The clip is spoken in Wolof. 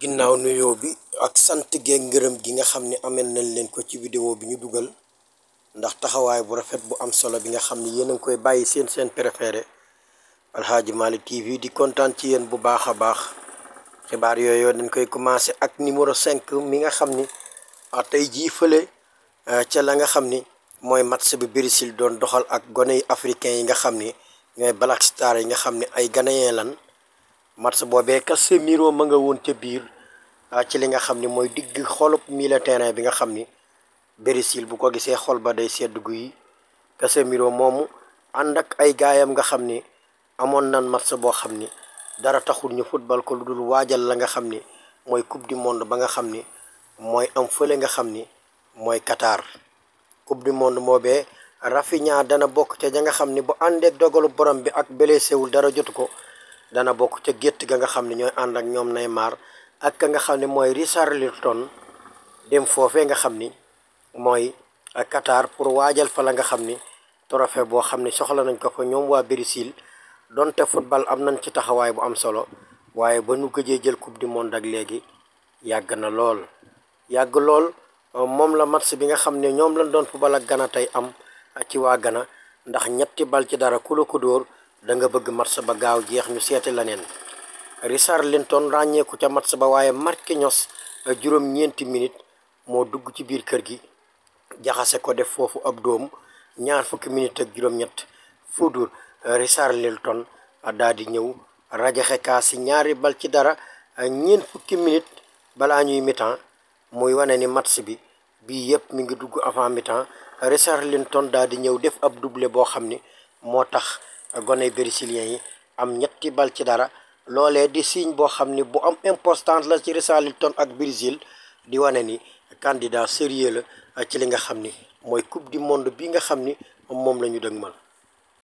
ginnaaw nuyoo bi ak sant gee ngërëm gi nga xam ne amel nañ leen ko ci vidéo bi ñu dugal ndax taxawaay bu rafet bu am solo bi nga xam ne yéen a ngi koy bàyyi seen seen préféré Aladji Malick TV di kontaan ci yéen bu baax a baax xibaar yooyu dañ koy commencé ak numéro cinq mi nga xam ni tey jii fële euh, ca la nga xam ni mooy match bi Brésil doon doxal ak gone yu africain yi nga xam ni ñooy Black Star yi nga xam ne ay Ghanéen lan match boobee Casemiro ma nga woon ca biir ah, ci li nga xam ni mooy digg xolub milieu terrain bi nga xam ni Brésil bu ko gisee xol ba day sedd guy Casemiro moomu ànd ak ay gaayam nga xam ni amoon nan match boo xam ni dara taxul ñu football ko lu dul waajal la nga xam ni mooy coupe du monde ba nga xam ni mooy am fële nga xam ni mooy Qatar coupe du monde boobee Rafinha dana bokk ca ña nga xam ni bu àndeek dogalu borom bi ak blessé wul dara jotu ko dana bokk ca gétt ga nga xam ne ñooy ànd ak ñoom nay mar ak ka nga xam ne mooy Richarlison dem foofe nga xam ni mooy Qatar pour waajal fa la nga xam ni trophée boo xam ni soxla nañ ko fa ñoom waa Brésil donte football am nañ ci taxawaay bu am solo waaye ba nu gëjee jël coupe du monde ak léegi yàgg na lool. yàgg lool moom la match bi nga xam ne ñoom lañ doon football ak Ghana tey am ci waa Ghana ndax ñetti bal ci dara ku la dóor da nga bëgg match ba gaaw jeex ñu seeti leneen Richard Linton ràññeeku ca match ba waaye Marquinhos eh, juróom-ñeenti minute moo dugg ci biir kër gi jaxase ko def foofu ab doom ñaar fukki minute ak juróom-ñett Fodou eh, Richard Linton eh, daa di ñëw rajaxe kaa si ñaari bal ci dara ñeent fukki minute balaa ñuy mi-temps muy wane ni match bi bii yëpp mu ngi dugg avant mi-temps Richard Linton daa di ñëw def ab duble boo xam ni moo tax gone brésilien yi am ñetti bal ci dara loolee di signe boo xam ni bu am importance la ci Richarlison ak Brésil di wane ni candidat sérieux la ci li nga xam ni mooy coupe du monde bi nga xam ni moom la ñu dëgmal